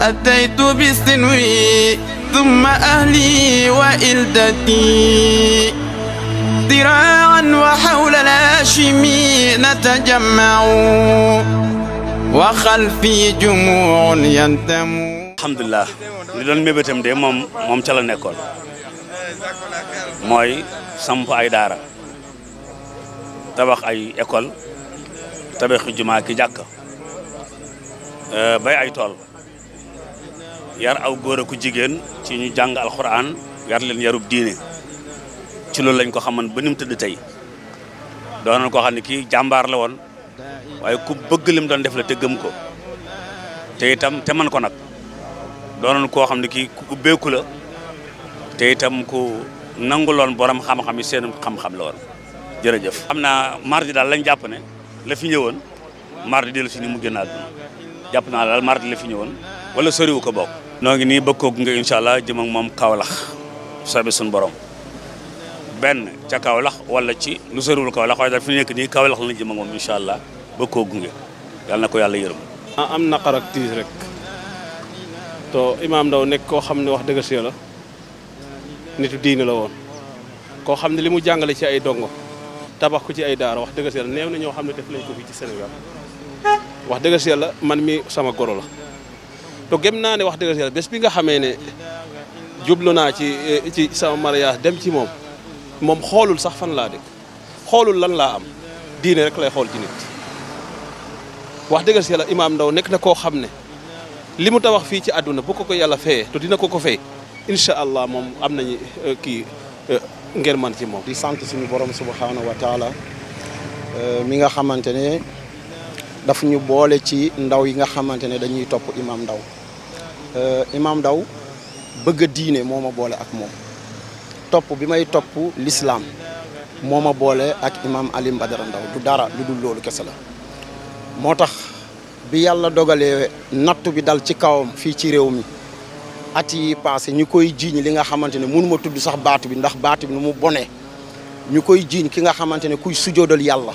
أتيت بسنوي ثم أهلي وإلدتي ذراعا وحول الهاشمي نتجمع وخلفي جموع ينتم الحمد لله li doon mébétam de moom moom ca la nekkoon mooy samp ay daara tabax ay école tabax jumaa ki jàkk euh, bay ay tool yar aw góor ku jigéen ci ñu jàng alxuraan yar leen yarub diine ci loolu lañ ko xaman ba ni mu tëdd tey doonoon koo xam ne kii jàmbaar la woon waaye ku bëgg lim doon def la te gëm ko te itam te man ko nag doonoon koo xam ne kii ku ubbeeku la te itam ku loon borom xam-xam yi seen xam-xam la woon jërëjëf. xam naa mardi daal lañ jàpp ne la fi ñëwoon mardi dellu si ni mu génn àdduna jàpp naa daal mardi la fi ñëwoon wala soriwu ko bokk. noo ngi nii bëgg nga incha allah jëm ak moom Kaolack soobee suñ borom benn ca Kaolack wala ci lu soriwul Kaolack waaye daal fi nekk nii Kaolack la jëm ak moom incha allah bëgg koo gunge yàlla na ko yàlla yërëm. Ah, am naqar ak rek to Imaam Ndao nekk koo xam ne wax dëgg la nitu diine la woon koo xam ne li mu jàngale ci ay dongo tabax ko ci ay daara wax dëgg si la néew na ñoo xam ne def nañ ko fii ci Sénégal wax dëgg la man mi sama goro la. to gëm naa ne wax dëgg yàlla bés bi nga xamee ne jublu naa ci eh, ci sama mariage dem ci moom moom xoolul sax fan laa dëkk xoolul lan laa am diine rek lay xool ci nit wax dëgg yàlla imaam Ndaw nekk na koo xam ne li mu wax fii ci àdduna bu ko ko yàlla fayee te dina ko ko fay incha allah moom am nañu eh, kii eh, ngeen man ci moom. di sant suñu borom subhaanahu wa taala mi nga xamante ne daf ñu boole ci ndaw yi nga xamante ne dañuy topp imaam Ndaw. Euh, Imam Ndao bëgg diine moo ma boole ak moom topp bi may topp lislaam moo ma boole ak Imam ali Badara Ndao du dara lu dul loolu kese la moo tax bi yàlla dogalee nattu bi dal ci kawam fii ci réew mi ati yi passé ñu koy jiiñ li nga xamante ne mënuma tudd sax baatu bi ndax baatu bi nu mu bonee ñu koy jiiñ ki nga xamante ne kuy sujoodal yàlla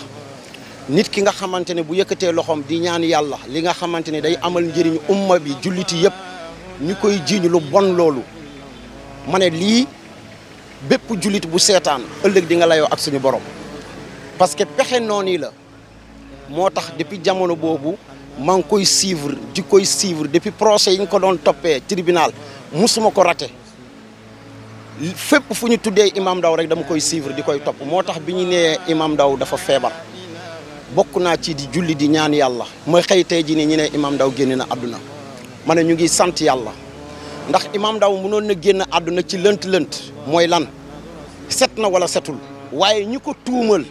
nit ki nga xamante ne bu yëkkatee loxoom di ñaan yàlla li nga xamante ne day amal njëriñ umma bi julliti yëpp ñu koy jiiñ lu bon loolu ma ne lii bépp jullit bu seetaan ëllëg di nga layoo ak suñu borom parce que pexe noonu yi la moo tax depuis jamono boobu maa ngi koy suivre di koy suivre depuis procès yi nga ko doon toppee tribunal musuma ko raté fépp fu ñu tuddee Imam ndaw rek dama koy suivre di koy topp moo tax bi ñu nee Imam ndaw dafa feebar bokk naa ci di julli di ñaan yàlla mooy xëy tey ji ni ñu ne Imam Ndao génn na àdduna ma ne ñu ngi sant yàlla ndax Imam Ndao mënoon na génn àdduna ci lënt-lënt mooy lan set na wala setul waaye ñu ko tuumal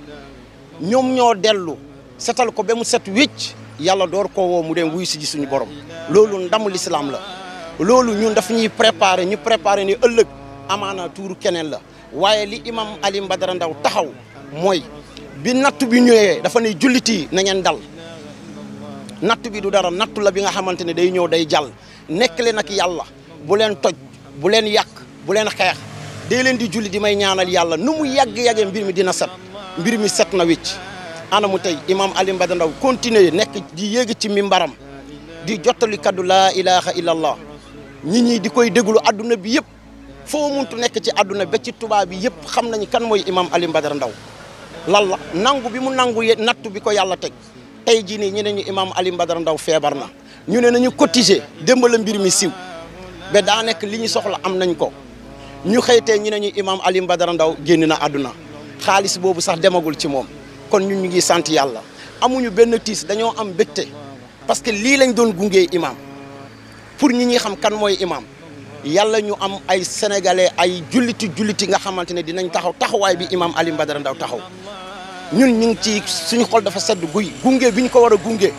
ñoom ñoo dellu setal ko ba mu set wécc yàlla door ko woo mu dem wuy si ji suñu borom loolu ndamu lislaam la loolu ñun dafa ñuy préparer ñu préparer ni ëllëg amaana tuuru keneen la waaye li imam Alioune Badara ndaw taxaw mooy bi natt bi ñëwee dafa ne jullit yi na dal natt bi du dara natt la bi nga xamante ne day ñëw day jàll nekk leen ak yàlla bu leen toj bu leen yàq bu leen xeex dee leen di julli di may ñaanal yàlla nu mu yàgg-yàggee mbir mi dina set mbir mi set na wicc ana mu tey imaam Ali Mbada Ndaw continuer nekk di yéeg ci mimbaram di jottali kaddu laa ilaha illallah nit ñi di koy déglu adduna bi yëpp foo muntu nekk ci adduna ba ci tubaab bi yëpp xam nañu kan mooy imaam Ali Mbada Ndaw lan nangu bi nattu bi ko yàlla teg tey jii nii ñu ne ñu imam Alioune Badara Ndao feebar na ñu ne nañu cotiser démb la mbir mi siw ba daa li ñu soxla am nañ ko ñu xëytee ñu nañu imam Alioune Badara génn na àdduna xaalis boobu sax demagul ci moom kon ñu ñu ngi sant yàlla amuñu benn tiis dañoo am bégte parce que lii lañ doon gungee imam pour ñi ñuy xam kan mooy imam yàlla ñu am ay sénégalais ay julliti julliti nga xamante ne dinañ taxaw taxawaay bi imam Alioune Badara taxaw ñun ñu ngi ci suñu xol dafa sedd guy gunge bi ñu ko war a gunge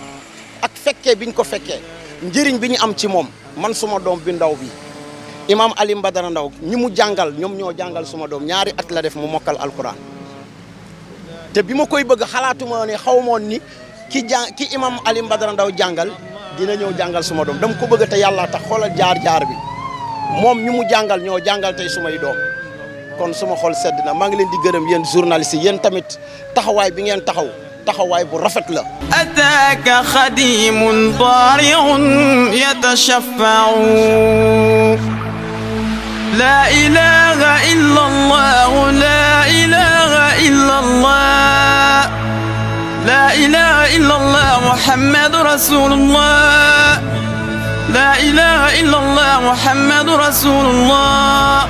ak fekkee bi ñu ko fekkee njëriñ bi ñu am ci moom man suma doom bi ndaw bi imaam Alioune Badara Ndao ñi mu jàngal ñoom ñoo jàngal suma doom ñaari at la def mu mokkal alquran te bi ma koy bëgg xalaatuma ne xaw moon ni ki jàng ki imaam Alioune Badara Ndao jàngal dina ñëw jàngal suma doom dama ko bëgg te yàlla tax xoolal jaar jaar bi moom ñi mu jàngal ñoo jàngal tey sumay doom kon suma xol sedd maa ngi leen di gërëm yéen journalistes yéen tamit taxawaay bi ngeen taxaw taxawaay bu rafet la ataaka xadimun taariun rasulullah la ilaha illa allah rasulullah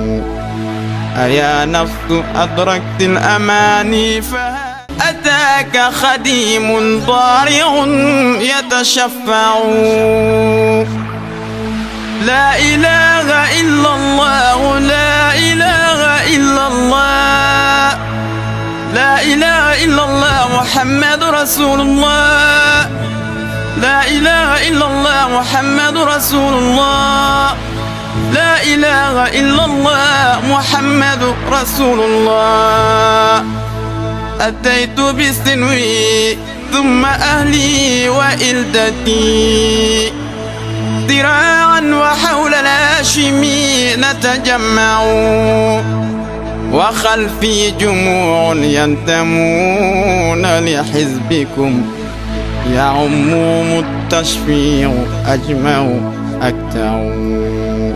أيا نفس أدركت الأماني فأتاك خديم ضارع يتشفع لا إله إلا الله لا إله إلا الله لا إله إلا الله محمد رسول الله لا إله إلا الله محمد رسول الله لا إله إلا الله محمد رسول الله أتيت بسنوي ثم أهلي وإلدتي ذراعا وحول الهاشمي نتجمع وخلفي جموع ينتمون لحزبكم يعمهم التشفيع أجمع أكتعون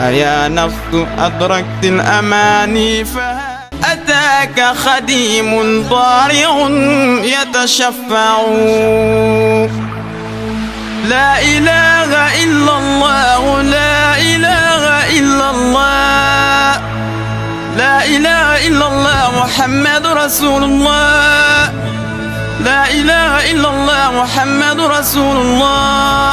أيا نفس أدركت الأماني فأتاك خديم ضارع يتشفع لا إله إلا الله لا إله إلا الله لا إله إلا الله محمد رسول الله لا إله إلا الله محمد رسول الله